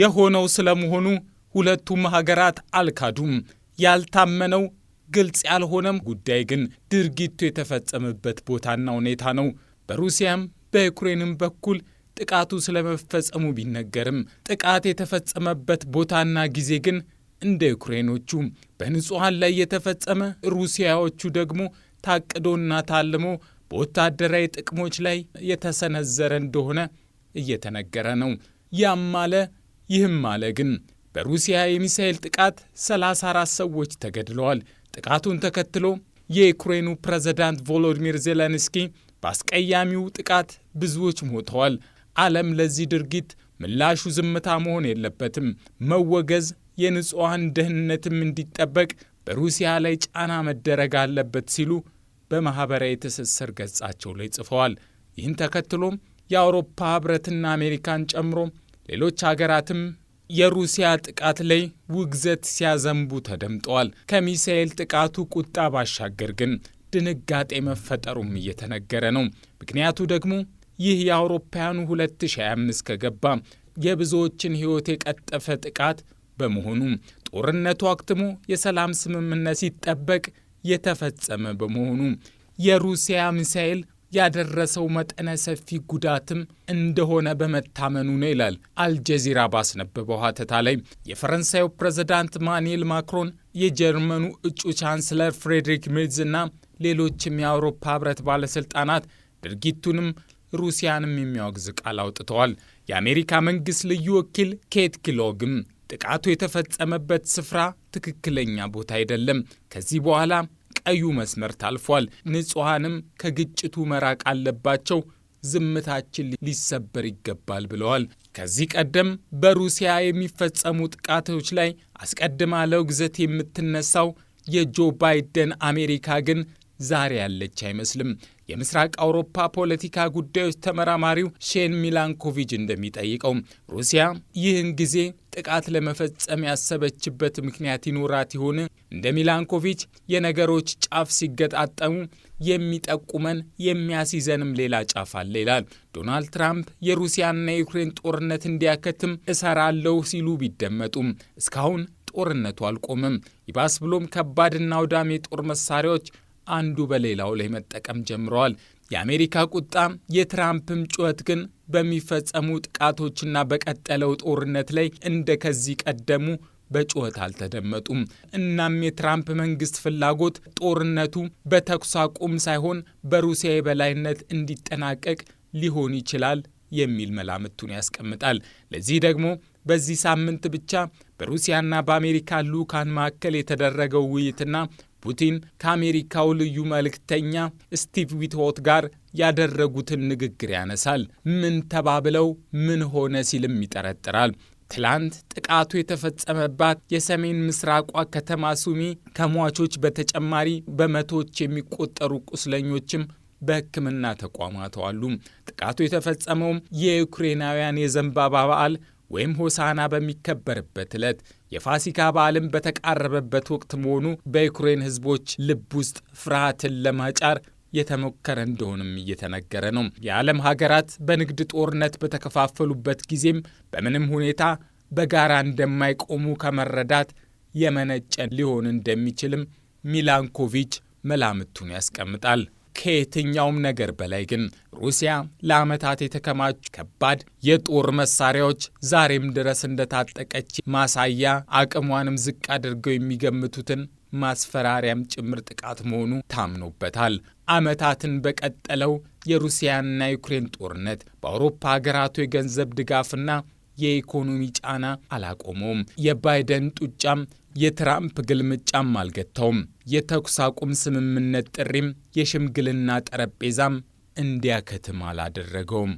የሆነው ስለመሆኑ ሁለቱም ሀገራት አልካዱም። ያልታመነው ግልጽ ያልሆነም ጉዳይ ግን ድርጊቱ የተፈጸመበት ቦታና ሁኔታ ነው። በሩሲያም በዩክሬንም በኩል ጥቃቱ ስለመፈጸሙ ቢነገርም ጥቃት የተፈጸመበት ቦታና ጊዜ ግን እንደ ዩክሬኖቹ በንጹሐን ላይ የተፈጸመ፣ ሩሲያዎቹ ደግሞ ታቅዶና ታልሞ በወታደራዊ ጥቅሞች ላይ የተሰነዘረ እንደሆነ እየተነገረ ነው። ያም አለ ይህም አለ ግን በሩሲያ የሚሳኤል ጥቃት 34 ሰዎች ተገድለዋል። ጥቃቱን ተከትሎ የዩክሬኑ ፕሬዝዳንት ቮሎዲሚር ዜሌንስኪ በአስቀያሚው ጥቃት ብዙዎች ሞተዋል። ዓለም ለዚህ ድርጊት ምላሹ ዝምታ መሆን የለበትም። መወገዝ፣ የንጹሐን ደህንነትም እንዲጠበቅ በሩሲያ ላይ ጫና መደረግ አለበት ሲሉ በማኅበራዊ ትስስር ገጻቸው ላይ ጽፈዋል። ይህን ተከትሎም የአውሮፓ ኅብረትና አሜሪካን ጨምሮ ሌሎች አገራትም የሩሲያ ጥቃት ላይ ውግዘት ሲያዘንቡ ተደምጠዋል። ከሚሳኤል ጥቃቱ ቁጣ ባሻገር ግን ድንጋጤ መፈጠሩም እየተነገረ ነው። ምክንያቱ ደግሞ ይህ የአውሮፓውያኑ 2025 ከገባ የብዙዎችን ሕይወት የቀጠፈ ጥቃት በመሆኑ ጦርነቱ አክትሞ የሰላም ስምምነት ሲጠበቅ የተፈጸመ በመሆኑ የሩሲያ ሚሳኤል ያደረሰው መጠነ ሰፊ ጉዳትም እንደሆነ በመታመኑ ነው ይላል አልጀዚራ ባስነበበው ሀተታ ላይ። የፈረንሳዩ ፕሬዝዳንት ማኑኤል ማክሮን፣ የጀርመኑ እጩ ቻንስለር ፍሬድሪክ ሚርዝ እና ሌሎችም የአውሮፓ ህብረት ባለሥልጣናት ድርጊቱንም ሩሲያንም የሚያወግዝ ቃል አውጥተዋል። የአሜሪካ መንግሥት ልዩ ወኪል ኬት ኪሎግም ጥቃቱ የተፈጸመበት ስፍራ ትክክለኛ ቦታ አይደለም፣ ከዚህ በኋላ ቀዩ መስመር ታልፏል። ንጹሐንም ከግጭቱ መራቅ አለባቸው፣ ዝምታችን ሊሰበር ይገባል ብለዋል። ከዚህ ቀደም በሩሲያ የሚፈጸሙ ጥቃቶች ላይ አስቀድማ ለውግዘት የምትነሳው የጆ ባይደን አሜሪካ ግን ዛሬ ያለች አይመስልም። የምስራቅ አውሮፓ ፖለቲካ ጉዳዮች ተመራማሪው ሼን ሚላንኮቪች እንደሚጠይቀው ሩሲያ ይህን ጊዜ ጥቃት ለመፈጸም ያሰበችበት ምክንያት ይኖራት ይሆን? እንደ ሚላንኮቪች የነገሮች ጫፍ ሲገጣጠሙ የሚጠቁመን የሚያስይዘንም ሌላ ጫፍ አለ ይላል። ዶናልድ ትራምፕ የሩሲያና የዩክሬን ጦርነት እንዲያከትም እሰራለሁ ሲሉ ቢደመጡም እስካሁን ጦርነቱ አልቆምም። ይባስ ብሎም ከባድና አውዳሚ የጦር መሳሪያዎች አንዱ በሌላው ላይ መጠቀም ጀምረዋል። የአሜሪካ ቁጣ የትራምፕም ጩኸት ግን በሚፈጸሙ ጥቃቶችና በቀጠለው ጦርነት ላይ እንደ ከዚህ ቀደሙ በጩኸት አልተደመጡም። እናም የትራምፕ መንግስት ፍላጎት ጦርነቱ በተኩስ አቁም ሳይሆን በሩሲያ የበላይነት እንዲጠናቀቅ ሊሆን ይችላል የሚል መላምቱን ያስቀምጣል። ለዚህ ደግሞ በዚህ ሳምንት ብቻ በሩሲያና በአሜሪካ ልዑካን መካከል የተደረገው ውይይትና ፑቲን ከአሜሪካው ልዩ መልእክተኛ ስቲቭ ዊትሆት ጋር ያደረጉትን ንግግር ያነሳል። ምን ተባብለው ምን ሆነ ሲልም ይጠረጥራል። ትላንት ጥቃቱ የተፈጸመባት የሰሜን ምስራቋ ከተማ ሱሚ ከሟቾች በተጨማሪ በመቶዎች የሚቆጠሩ ቁስለኞችም በሕክምና ተቋማት አሉ። ጥቃቱ የተፈጸመውም የዩክሬናውያን የዘንባባ በዓል ወይም ሆሳና በሚከበርበት ዕለት የፋሲካ በዓልም በተቃረበበት ወቅት መሆኑ በዩክሬን ሕዝቦች ልብ ውስጥ ፍርሃትን ለማጫር የተሞከረ እንደሆንም እየተነገረ ነው። የዓለም ሀገራት በንግድ ጦርነት በተከፋፈሉበት ጊዜም በምንም ሁኔታ በጋራ እንደማይቆሙ ከመረዳት የመነጨ ሊሆን እንደሚችልም ሚላንኮቪች መላምቱን ያስቀምጣል። ከየትኛውም ነገር በላይ ግን ሩሲያ ለዓመታት የተከማቹ ከባድ የጦር መሳሪያዎች ዛሬም ድረስ እንደታጠቀች ማሳያ አቅሟንም ዝቅ አድርገው የሚገምቱትን ማስፈራሪያም ጭምር ጥቃት መሆኑ ታምኖበታል። ዓመታትን በቀጠለው የሩሲያና ዩክሬን ጦርነት በአውሮፓ ሀገራቱ የገንዘብ ድጋፍና የኢኮኖሚ ጫና አላቆመውም። የባይደን ጡጫም የትራምፕ ግልምጫም አልገታውም። የተኩስ አቁም ስምምነት ጥሪም የሽምግልና ጠረጴዛም እንዲያከትም አላደረገውም።